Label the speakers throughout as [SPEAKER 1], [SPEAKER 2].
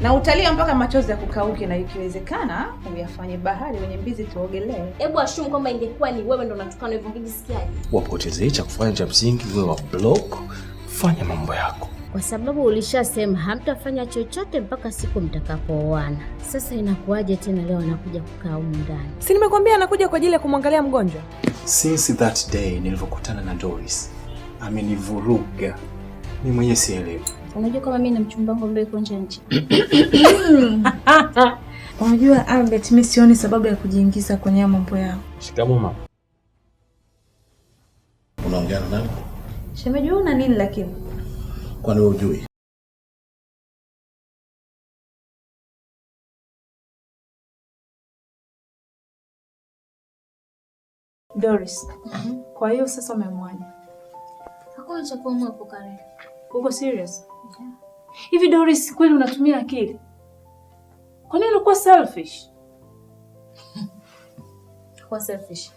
[SPEAKER 1] na utalia mpaka machozi ya kukauke, na ikiwezekana uyafanye bahari wenye mbizi tuogelee.
[SPEAKER 2] Hebu ashumu kwamba ingekuwa ni wewe ndo unatukana hivyo, ungejisikiaje?
[SPEAKER 3] Wapotezee cha kufanya cha msingi, wewe wa block, fanya mambo yako,
[SPEAKER 4] kwa sababu ulishasema hamtafanya chochote mpaka siku mtakapooana. Sasa inakuwaje tena leo anakuja kukaa humu ndani?
[SPEAKER 1] Si nimekwambia anakuja kwa ajili ya kumwangalia mgonjwa.
[SPEAKER 5] Since that day nilivyokutana na Doris amenivuruga mimi mwenye sielewi.
[SPEAKER 2] Unajua kama mimi na mchumba wangu ambaye yuko nje nje.
[SPEAKER 1] Unajua Albert, mimi sioni sababu ya kujiingiza kwenye mambo yao.
[SPEAKER 3] Shikamoo mama. Unaongea na nani?
[SPEAKER 2] Shemeji, una nini lakini?
[SPEAKER 3] Kwani wewe hujui?
[SPEAKER 1] Doris. Kwa hiyo sasa umemwaje?
[SPEAKER 2] hakuna cha kuamua hapo Karen.
[SPEAKER 1] Uko serious? Yeah. Hivi Doris, kweli unatumia akili? Kwa nini unakuwa selfish?
[SPEAKER 2] Kwa selfish.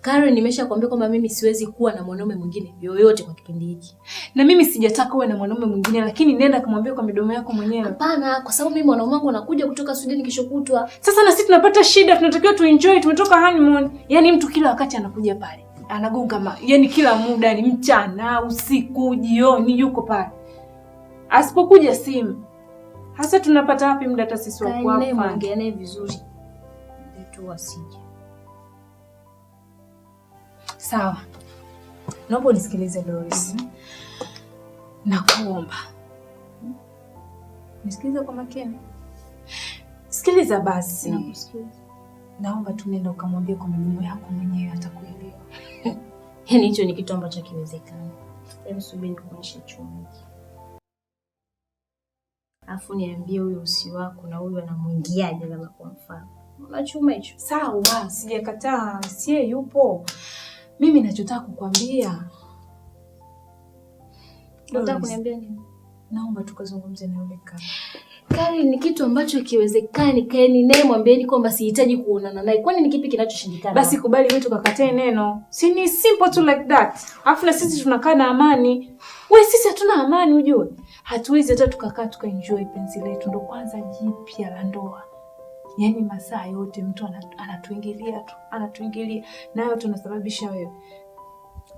[SPEAKER 2] Karen, nimeshakwambia kwamba mimi siwezi kuwa na mwanaume mwingine yoyote kwa kipindi hiki,
[SPEAKER 1] na mimi sijataka uwe na mwanaume mwingine, lakini nenda kumwambia kwa midomo yako mwenyewe.
[SPEAKER 2] Hapana, kwa sababu mimi mwanaume wangu anakuja kutoka Sweden kesho kutwa.
[SPEAKER 1] Sasa na sisi tunapata shida, tunatakiwa tuenjoy, tumetoka honeymoon. Yaani mtu kila wakati anakuja pale anagonga ma, yani kila muda, ni mchana, usiku, jioni, yuko pale. Asipokuja simu hasa tunapata wapi muda hata sisi
[SPEAKER 2] wa kuapa? Ongea naye vizuri tu asije.
[SPEAKER 1] Sawa, naomba unisikilize Doris. mm -hmm. Nakuomba nisikilize kwa makini. Sikiliza basi, naomba tu nenda ukamwambia kwa mdomo yako mwenyewe, atakuelewa.
[SPEAKER 2] Yaani hicho ni kitu ambacho kiwezekana. Hebu subiri nikuonyeshe chumba. Alafu niambie huyo usi wako na huyo anamwingiaje kama kwa mfano.
[SPEAKER 1] Una chuma hicho? Sawa, sijakataa, sie yupo. Mimi nachotaka kukwambia.
[SPEAKER 2] nataka kuniambia nini?
[SPEAKER 1] Naomba tukazungumze na yule kaka.
[SPEAKER 2] Kari ni kitu ambacho ikiwezekani, kaeni naye mwambieni kwamba sihitaji kuonana naye. Kwani ni kipi kinachoshindikana?
[SPEAKER 1] Basi kubali wewe tukakatae neno. Si ni simple tu like that. Afu na sisi tunakaa na amani. We sisi hatuna amani ujue. Hatuwezi hata tukakaa tukaenjoy penzi letu ndo kwanza jipya la ndoa. Yaani masaa yote mtu anatuingilia tu, anatuingilia nayo tunasababisha wewe.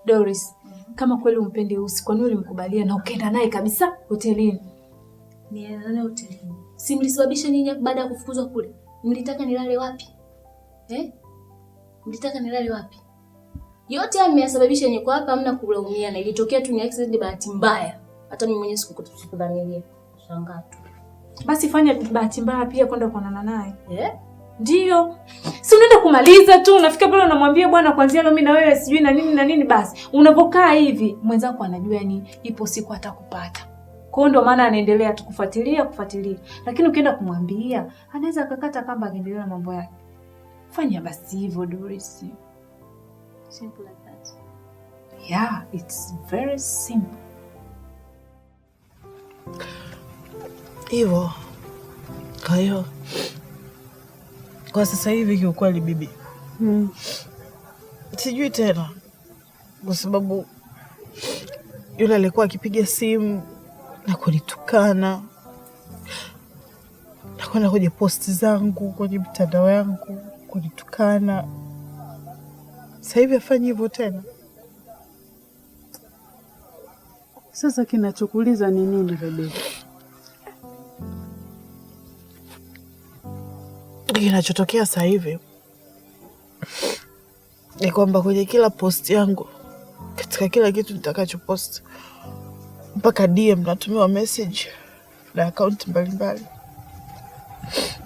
[SPEAKER 1] Doris, kama kweli umpendi usi, kwa nini ulimkubalia na ukaenda naye kabisa hotelini?
[SPEAKER 2] nilala hotelini. Si mlisababisha nyinyi baada ya kufukuzwa kule? Mlitaka nilale wapi? Eh? Mlitaka nilale wapi? Yote haya mmeyasababisha nyinyi, kwa hapa hamna kulaumiana. Ilitokea tu ni accident, bahati mbaya. Hata mimi mwenyewe sikudhamiria. Shangaa tu.
[SPEAKER 1] Basi fanya bahati mbaya pia kwenda kuonana naye. Eh? Ndio. Si unaenda kumaliza tu, unafika pale unamwambia bwana, kwanzia leo mimi na wewe sijui na nini na nini. Basi unapokaa hivi, mwenzako anajua, yani ipo siku atakupata. Kwa hiyo ndio maana anaendelea tu kufuatilia kufuatilia, lakini ukienda kumwambia anaweza akakata kamba akaendelea na mambo yake. Fanya basi hivyo Doris.
[SPEAKER 2] Simple like that.
[SPEAKER 1] Yeah, it's very simple. Hivyo kwa hiyo kwa sasa hivi kiukweli, bibi, hmm, sijui tena, kwa sababu yule alikuwa akipiga simu na kunitukana na kwenda kwenye posti zangu kwenye mitandao yangu kunitukana. Sasa hivi afanyi hivyo tena. Sasa kinachokuuliza ni nini, Rebeka? Kinachotokea sasa hivi ni kwamba kwenye kila posti yangu, katika kila kitu nitakachoposti mpaka DM natumiwa message na akaunti mbalimbali,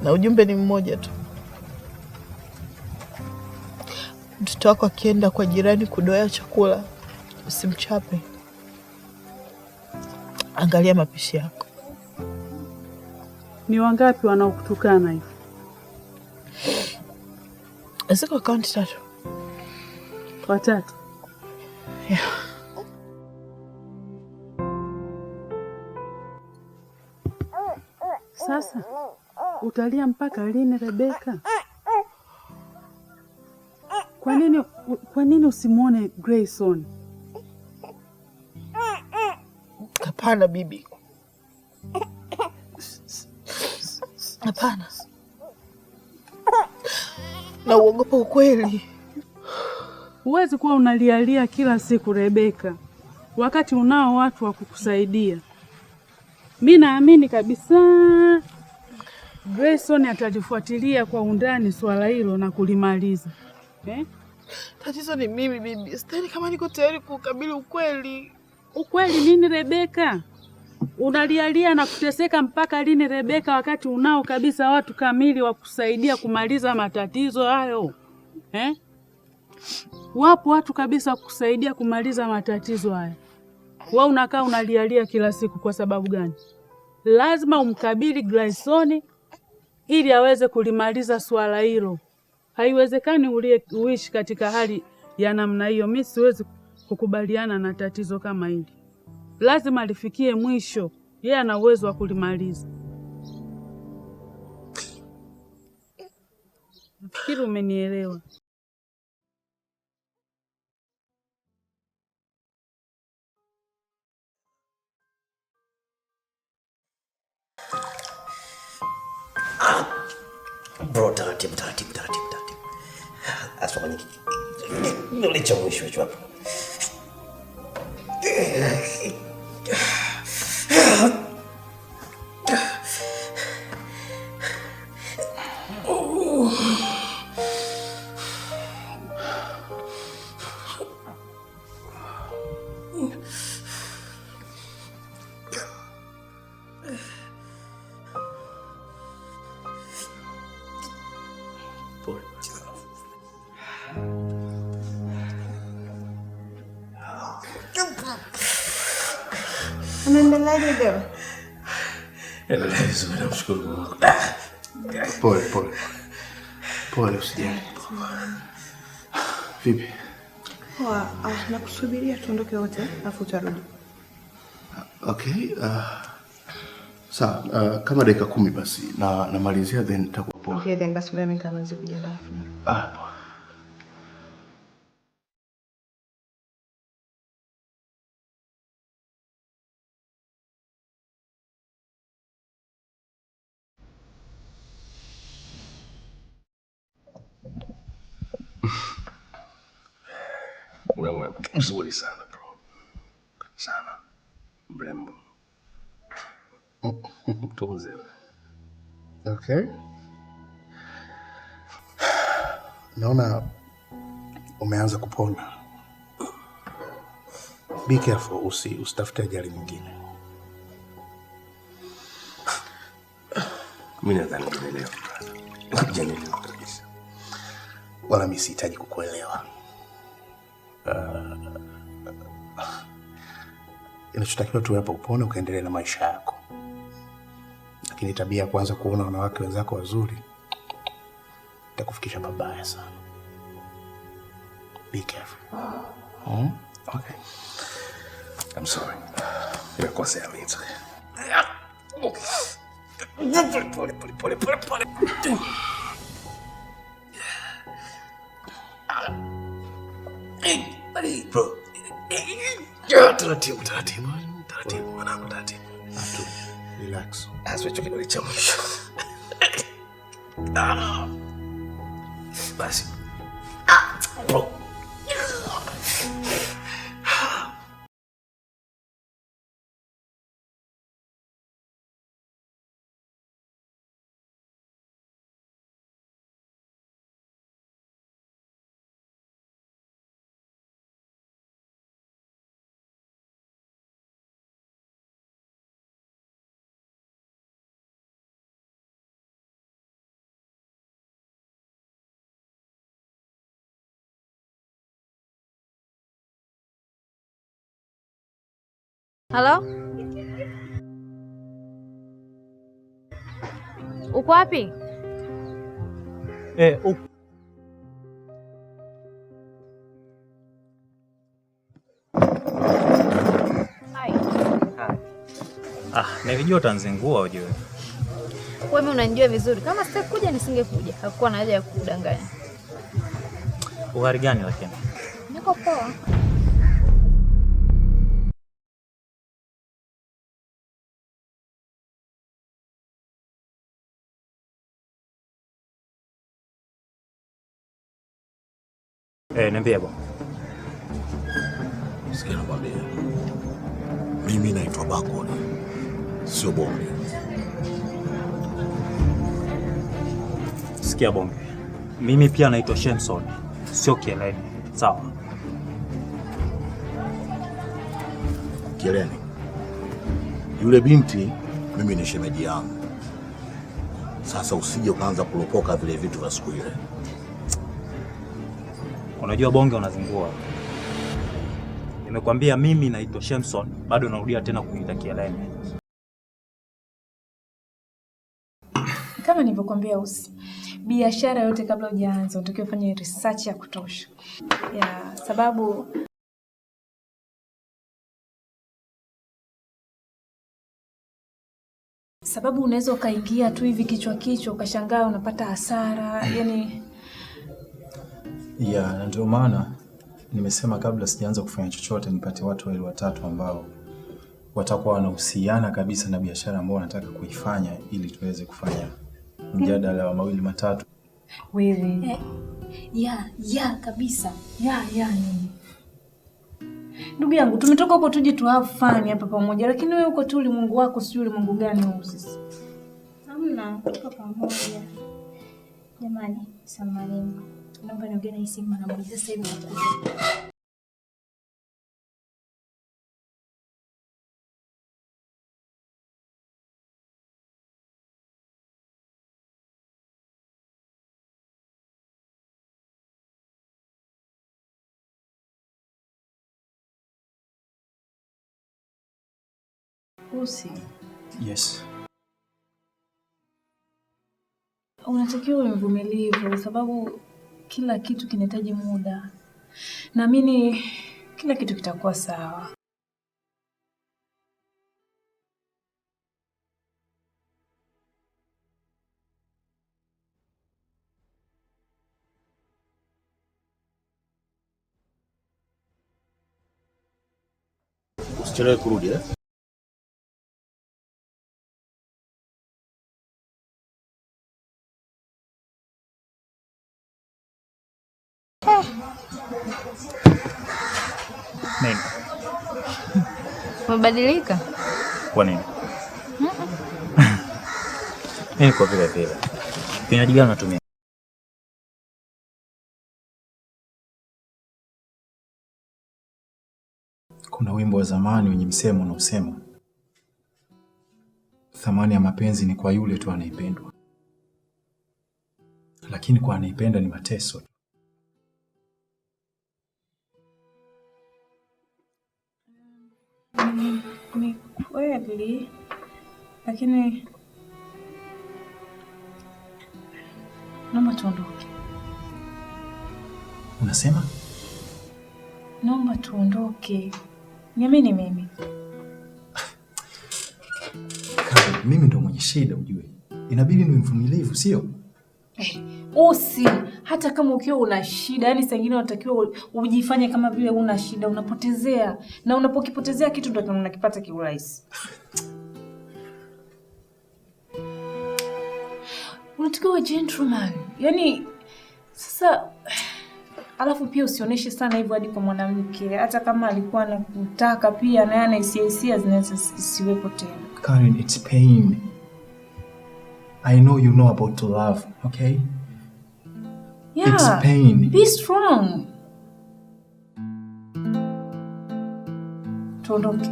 [SPEAKER 1] na ujumbe ni mmoja tu, mtoto wako akienda kwa jirani kudoea chakula usimchape, angalia mapishi yako. Ni wangapi wanaokutukana hivi? Ziko akaunti tatu, watatu utalia mpaka lini Rebeka? Eh, eh, eh, kwa nini, kwa nini usimwone Grayson? Hapana bibi, hapana, na uogopa ukweli. Huwezi kuwa unalialia kila siku Rebeka, wakati unao watu wa kukusaidia. Mi naamini kabisa Grayson atalifuatilia kwa undani swala hilo na kulimaliza eh? Tatizo ni mimi bibi, sidhani kama niko tayari kukabili ukweli. Ukweli nini Rebeka? Unalialia na kuteseka mpaka lini Rebeka, wakati unao kabisa watu kamili wa kusaidia kumaliza matatizo hayo eh? Wapo watu kabisa wa kusaidia kumaliza matatizo hayo. Wewe unakaa unalialia kila siku kwa sababu gani? Lazima umkabili Graysoni ili aweze kulimaliza swala hilo. Haiwezekani ulie uishi katika hali ya namna hiyo. Mimi siwezi kukubaliana na tatizo kama hili, lazima lifikie mwisho. Yeye ana uwezo wa kulimaliza. Nafikiri umenielewa.
[SPEAKER 6] Bro, taratibu taratibu taratibu taratibu, kwenye kiki asante. Nilichamwishwa hapo. Pole, usijali. Vipi?
[SPEAKER 2] Poa. Ah, nakusubiria tuondoke wote afu utarudi.
[SPEAKER 6] Okay. Uh, sawa, uh, kama dakika kumi basi na namalizia then takuwa poa.
[SPEAKER 2] Okay, then basi mimi nitaanza kujiandaa. Ah, poa.
[SPEAKER 6] vizuri sana bro, sana mrembo. Tuuze. Okay. Naona umeanza kupona. Be careful, usi usitafute ajali nyingine. Mimi nadhani unaelewa. Hujanielewa kabisa. Wala mimi sihitaji kukuelewa. Uh, uh, inachotakiwa tu hapa upone ukaendelea na maisha yako, lakini tabia ya kuanza kuona wanawake wenzako wazuri itakufikisha mabaya sana. Be careful. Hmm? Okay. I'm sorry. Nimekosea mimi. Pole pole pole pole pole. Taratibu, taratibu, taratibu mwanangu, taratibu. Relax. Asiwecho kidole cha mwisho. Basi. Ah, bro.
[SPEAKER 7] Halo, uko wapi?
[SPEAKER 8] Eh, uko Ah, nilijua utanzingua ujue.
[SPEAKER 2] Wewe unanijua vizuri. Kama sitakuja nisingekuja. Hakukuwa na haja ya kudanganya.
[SPEAKER 8] Uhari gani lakini? Niko poa. Eh, niambie bwana.
[SPEAKER 9] Sikia nakwambia. Mimi naitwa Bakoni. Sio bonge
[SPEAKER 8] Sikia bonge Mimi pia naitwa Shemson. Sio Kieleni. Sawa.
[SPEAKER 9] Kieleni. Yule binti mimi ni shemeji yangu. Sasa usije ukaanza kulopoka vile vitu vya siku ile.
[SPEAKER 8] Unajua bonge unazingua. Nimekwambia mimi naitwa Shemson, bado narudia tena kuita Kieleme.
[SPEAKER 2] Kama nilivyokuambia usi, biashara yote kabla hujaanza unatakiwa ufanye research ya kutosha, ya sababu sababu unaweza ukaingia tu hivi kichwa kichwa ukashangaa unapata hasara yani
[SPEAKER 10] Yeah, na ndio maana nimesema kabla sijaanza kufanya chochote nipate watu wawili watatu ambao watakuwa wanahusiana kabisa na biashara ambayo wanataka kuifanya ili tuweze kufanya mjadala wa mawili matatu.
[SPEAKER 2] Wewe. Eh, ya, ya kabisa. Ya, ya. Ndugu yangu, tumetoka huko tuje tu have fun hapa pamoja, lakini wewe uko tu ulimwengu wako, sijui ulimwengu gani huu sisi. Hamna, tuko pamoja. Jamani, samahani. Labda niongee na hii simu anamuuliza sasa hivi. Usi. Yes. Unatakiwa mvumilivu sababu kila kitu kinahitaji muda. Naamini kila kitu kitakuwa sawa.
[SPEAKER 9] Usichelewe kurudi eh?
[SPEAKER 2] Umebadilika
[SPEAKER 8] kwa nini? Mimi kwa vile vile. Kinywaji gani unatumia?
[SPEAKER 10] Kuna wimbo wa zamani wenye msemo unaosema thamani ya mapenzi ni kwa yule tu anayependwa, lakini kwa anayependa ni mateso.
[SPEAKER 2] ni, ni kweli lakini naomba tuondoke. Unasema? Naomba tuondoke, niamini mimi.
[SPEAKER 10] Mimi ndo mwenye shida, ujue inabidi niwe mvumilivu, sio? Eh
[SPEAKER 2] usi hata kama ukiwa una shida. Yani saa ingine unatakiwa ujifanye kama vile una shida, unapotezea na unapokipotezea kitu ndio unakipata kiurahisi. Unatakiwa gentleman, yani sasa alafu pia usionyeshe sana hivyo hadi kwa mwanamke, hata kama alikuwa anakutaka pia naye ana hisia hisia zinaweza isiwepo tena.
[SPEAKER 10] Karen, it's pain. I know you know about love, okay? Yeah. It's pain.
[SPEAKER 2] Be strong. Tuondoke.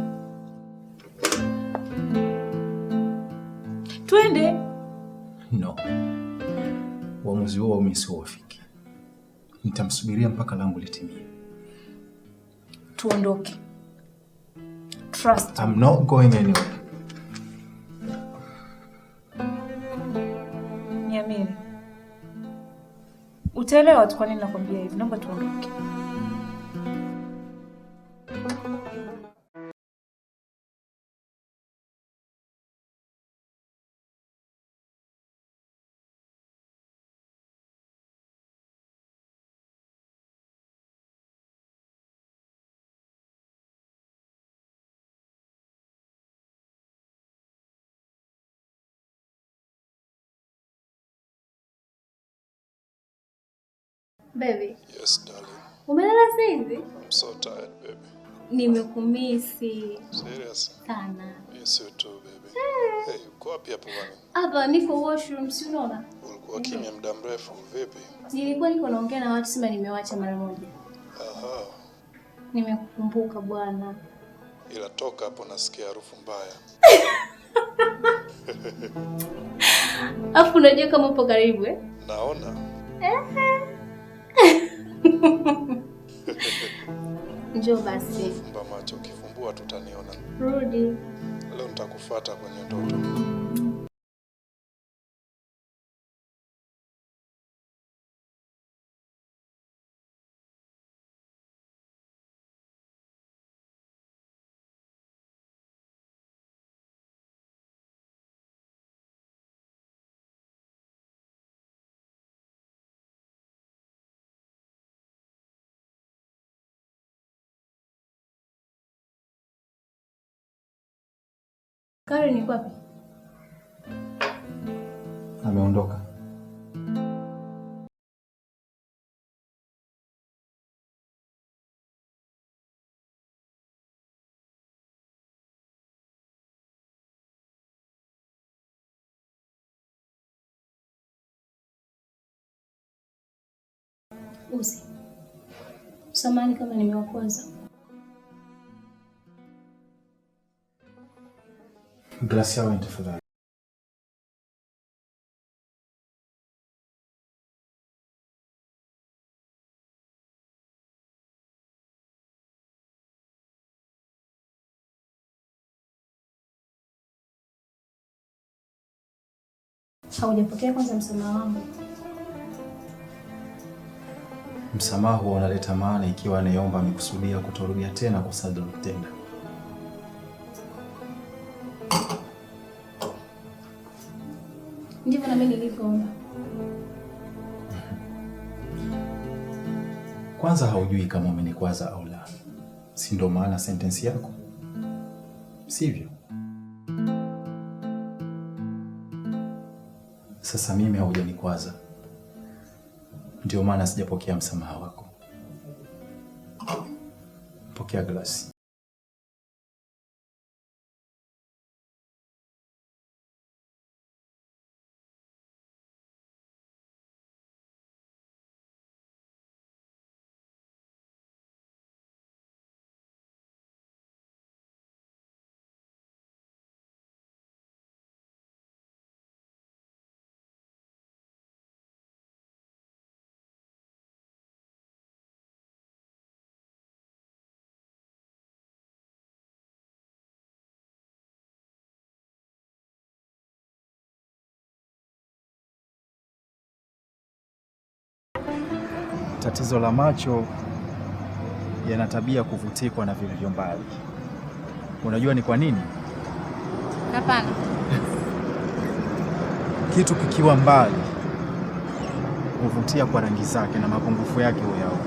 [SPEAKER 2] Twende.
[SPEAKER 10] No. Uamuzi huo mimi siuafiki. Nitamsubiria mpaka langu litimie.
[SPEAKER 2] Tuondoke. Trust.
[SPEAKER 10] I'm not going anywhere.
[SPEAKER 2] nitaelewa tu kwa nini nakwambia hivi. Naomba tuondoke. Baby.
[SPEAKER 11] Yes, darling.
[SPEAKER 2] Umelala saizi? I'm
[SPEAKER 11] so tired, baby.
[SPEAKER 2] Nimekumisi.
[SPEAKER 11] Serious? Sana. Yes, you too, baby. Hey, eh. hey uko wapi hapo bwana?
[SPEAKER 2] Hapa niko washroom, si unaona?
[SPEAKER 11] Ulikuwa kimya muda mrefu, vipi?
[SPEAKER 2] Nilikuwa niko naongea na watu sema nimewacha mara moja. Aha. Nimekukumbuka bwana.
[SPEAKER 11] Ila toka hapo nasikia harufu mbaya.
[SPEAKER 2] Afu unajua kama upo karibu eh?
[SPEAKER 11] Naona. Ehe.
[SPEAKER 2] Njoo basi.
[SPEAKER 11] Fumba macho, ukifumbua tutaniona. Rudi. Leo nitakufuata kwenye ndoto.
[SPEAKER 2] Karen yuko wapi? Ameondoka. Usi. samani kama nimewakwaza.
[SPEAKER 10] Glasi ya wine tafadhali.
[SPEAKER 2] Haujapokea kwanza msamaha wangu.
[SPEAKER 10] Msamaha huo unaleta maana ikiwa anayeomba amekusudia kutorudia tena kosa alilotenda.
[SPEAKER 2] Ndivyo na mimi nilivyoomba.
[SPEAKER 10] Kwanza haujui kama umenikwaza au la, si ndo maana sentensi yako, sivyo? Sasa mimi haujanikwaza, ndio maana sijapokea msamaha wako. Pokea glasi.
[SPEAKER 12] tatizo la macho yana tabia kuvutikwa na vilivyo mbali. Unajua ni kwa nini? Hapana. Kitu kikiwa mbali huvutia kwa rangi zake na mapungufu yake huyao,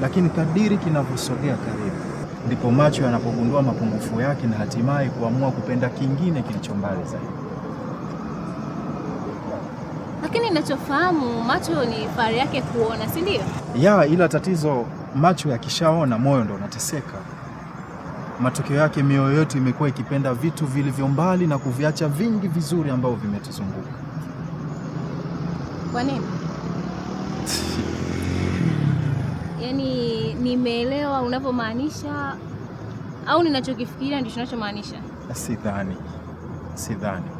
[SPEAKER 12] lakini kadiri kinavyosogea karibu, ndipo macho yanapogundua mapungufu yake na hatimaye kuamua kupenda kingine kilicho mbali zaidi.
[SPEAKER 2] Lakini ninachofahamu macho ni fahari yake kuona, si ndio?
[SPEAKER 12] Ya, ila tatizo macho yakishaona moyo ndo unateseka. Matokeo yake mioyo yetu imekuwa ikipenda vitu vilivyo mbali na kuviacha vingi vizuri ambavyo vimetuzunguka.
[SPEAKER 2] Kwa nini? Yaani, nimeelewa unavyomaanisha au ninachokifikiria ndicho unachomaanisha?
[SPEAKER 12] Sidhani, sidhani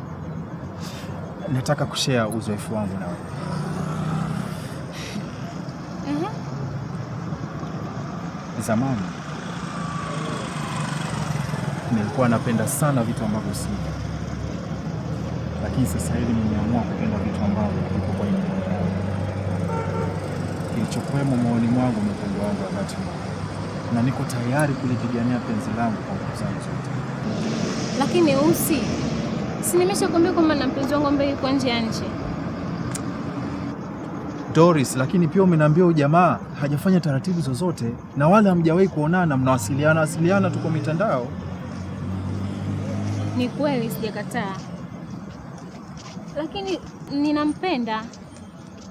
[SPEAKER 12] nataka kushare uzoefu wangu na wewe. mm -hmm. Zamani nilikuwa napenda sana vitu ambavyo si, lakini sasa hivi nimeamua kupenda vitu ambavyo viko kwenye Kilichokwemo moyoni mwangu ni upendo wangu wakati na niko tayari kulipigania penzi langu kwa nguvu zangu zote.
[SPEAKER 2] Lakini usi Si nimeshakwambia kwamba na mpenzi wangu ambaye yuko nje ya nchi.
[SPEAKER 12] Doris, lakini pia umeniambia huyu jamaa hajafanya taratibu zozote na wala hamjawahi kuonana, mnawasiliana wasiliana tu kwa mitandao.
[SPEAKER 2] Ni kweli, sijakataa, lakini ninampenda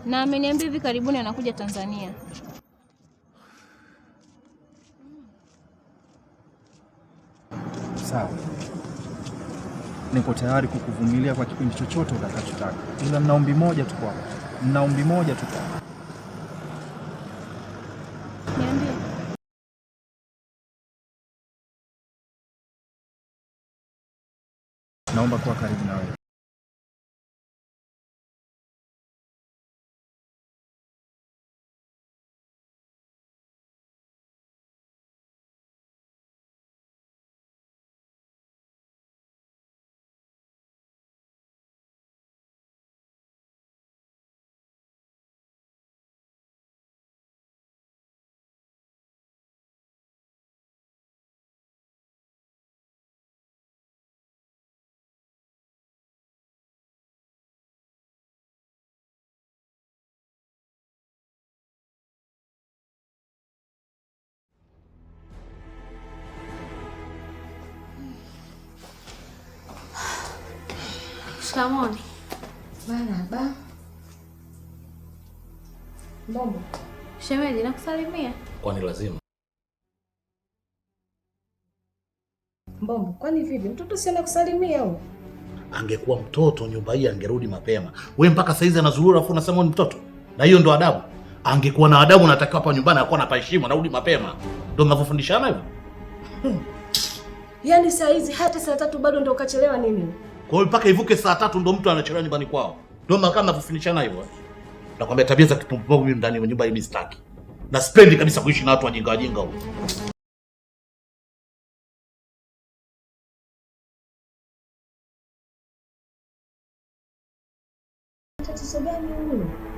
[SPEAKER 2] na ameniambia hivi karibuni anakuja Tanzania.
[SPEAKER 12] Sawa niko tayari kukuvumilia kwa kipindi chochote utakachotaka, ila ombi moja tu kwako, ombi moja tu kwako.
[SPEAKER 2] Naomba kuwa karibu nawe. Shikamoni. Bana ba. Mbomo. Shemeji nakusalimia. Kwani lazima? Mbomo, kwani vipi? Mtoto si anakusalimia huyo?
[SPEAKER 13] Angekuwa mtoto nyumba hii angerudi mapema. We mpaka saizi anazurura afu unasema ni mtoto? Na hiyo ndo adabu? Angekuwa na adabu natakiwa hapa nyumbani akuwa na heshima, narudi mapema. Ndo mnavyofundishana hivyo? Hmm.
[SPEAKER 2] Yaani saa hizi hata saa tatu bado ndo ukachelewa nini?
[SPEAKER 13] Kwa hiyo mpaka ivuke saa tatu ndo mtu anachelewa nyumbani kwao. Ndio maana kama nafunishana hivyo. Eh, nakwambia tabia za kipumbavu mimi ndani ya nyumba hii sitaki. Na sipendi kabisa kuishi na watu wajinga wajinga huko. Tatizo gani huyo?